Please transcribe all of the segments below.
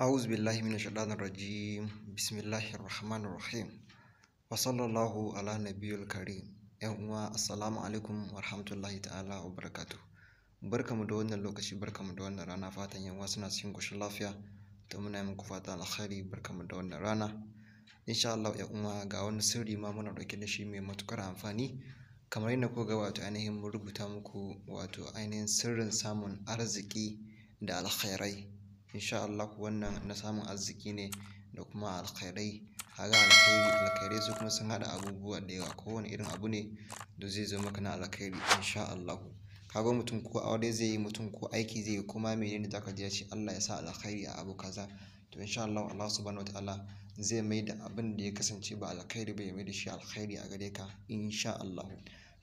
أعوذ بالله من الشيطان الرجيم بسم الله الرحمن الرحيم وصلى الله على نبي الكريم uwa assalamu alaikum wa rahmatullahi ta'ala wa barakatu barkamu da wannan lokaci barkamu da wannan rana fatan yan suna cikin koshin lafiya to muna yi muku fatan alkhairi barkamu da wannan rana insha Allah ya uwa ga wani sirri ma muna dauke da shi mai matukar amfani kamar yadda kuka ga wato ainihin mun rubuta muku wato ainihin sirrin samun arziki da alkhairai insha Allah wannan na samun arziki ne da kuma alkhairai kaga alkhairi alkhairai su kuma sun hada abubuwa da yawa kowane irin abu ne da zai zama maka na alkhairi insha Allah kaga mutum ko aure zai yi mutum ko aiki zai yi kuma menene zaka ji ya ce Allah ya sa alkhairi a abu kaza to insha Allah Allah subhanahu wataala zai mai da abin da ya kasance ba alkhairi ba ya mai da shi alkhairi a gare ka insha Allah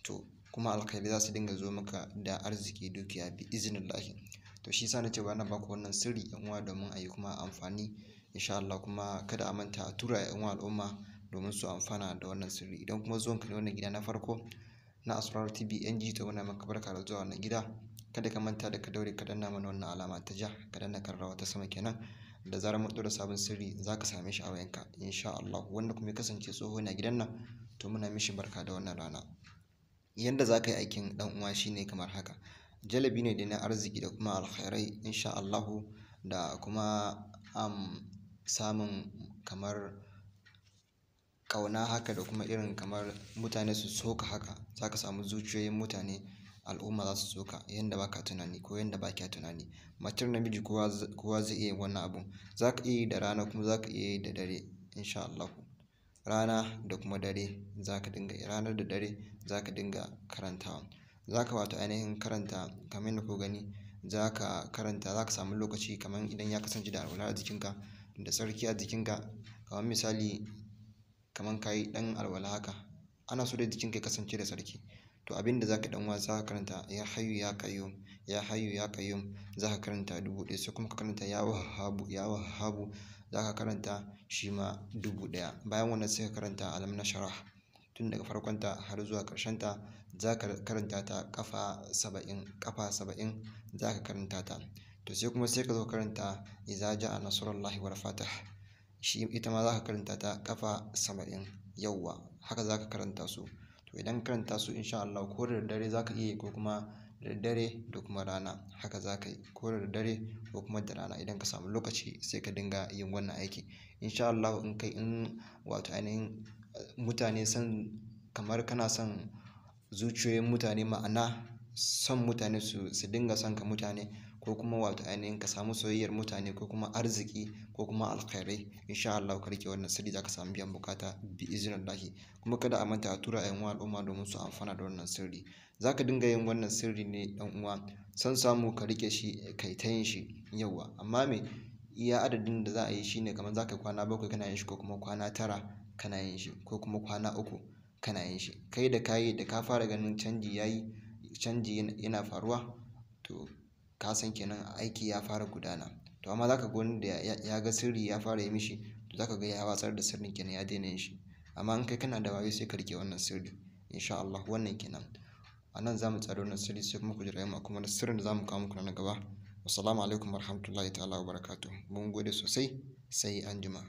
to kuma alkhairi za su dinga zo maka da arziki dukiya bi iznillahi to shi yasa ce bari na baku wannan sirri yan uwa domin ayi kuma amfani insha Allah kuma kada a manta a tura yan uwa al'umma domin su amfana da wannan sirri idan kuma zuwan ka ne wannan gida na farko na Asrar TV NG to muna maka barka da zuwa wannan gida kada ka manta da ka daure ka danna mana wannan alama ta ja ka danna karrawa ta sama kenan da zarar mun ɗora sabon sirri za ka same shi a wayanka insha Allah wanda kuma ya kasance tsoho na gidan nan to muna mishi barka da wannan rana yanda za ka yi aikin ɗan uwa shine kamar haka jalabi ne da na arziki da kuma alkhairai insha Allahu da kuma am samun kamar ƙauna haka da kuma irin kamar mutane su soka haka za ka samu zuciyoyin mutane al'umma za su soka yadda ba ka tunani ko yadda ba kya tunani matar namiji kowa zai iya wannan abu za ka iya da rana kuma za ka iya da dare insha Allahu rana da kuma dare za ka dinga karantawa za ka wato ainihin karanta kamar yadda ku gani za ka karanta za ka samu lokaci kamar idan ya kasance da alwala a jikinka da tsarki a jikinka kamar misali kamar ka yi ɗan alwala haka ana so dai jikinka ya kasance da tsarki to abin da za ka ɗan wasa za ka karanta ya hayu ya kayyum ya hayu ya kayyum za ka karanta dubu ɗaya sai kuma ka karanta ya wahabu ya wahabu za ka karanta shi ma dubu ɗaya bayan wannan sai ka karanta alam na sharah tun daga farkonta har zuwa ƙarshenta za ka karanta ta ƙafa saba'in ƙafa saba'in za ka karanta ta to sai kuma sai ka zo karanta iza ja'a nasarar wal fatah shi ita ma za ka karanta ta kafa saba'in yawwa haka za ka karanta su to idan ka karanta su insha Allah ko da dare za ka iya ko kuma da dare da kuma rana haka za ka yi ko da dare ko kuma da rana idan ka samu lokaci sai ka dinga yin wannan aiki insha Allah in kai in wato ainihin mutane son kamar kana son zuciyoyin mutane ma'ana son mutane su, su dinga son ka mutane ko kuma wato ainihin ka samu soyayyar mutane ko kuma arziki ko kuma alkhairai insha Allah ka rike wannan sirri ka samu biyan bukata bi iznillahi kuma kada a manta a tura ƴan uwa al'umma domin su amfana da wannan sirri Za ka dinga yin wannan sirri ne ɗan uwa san samu ka rike shi kai ta yin shi yauwa amma me iya adadin da za a yi shi ne kamar za ka yi kwana bakwai kana yin shi ko kuma kwana tara kana yin shi ko kuma kwana uku kana yin shi kai da ka yi da ka fara ganin canji ya yi canji yana faruwa to ka san kenan aiki ya fara gudana to amma za ka ga wanda ya ga sirri ya fara yi mishi to za ka ga ya watsar da sirrin kenan ya daina yin shi amma in kai kana da wayo sai ka rike wannan sirri insha Allah wannan kenan a nan za mu tsare wannan sirri sai kuma ku jira yamma kuma da sirrin da za mu kawo muku na gaba Assalamu alaikum warahmatullahi ta'ala wa barakatuh. Mun gode sosai sai anjima.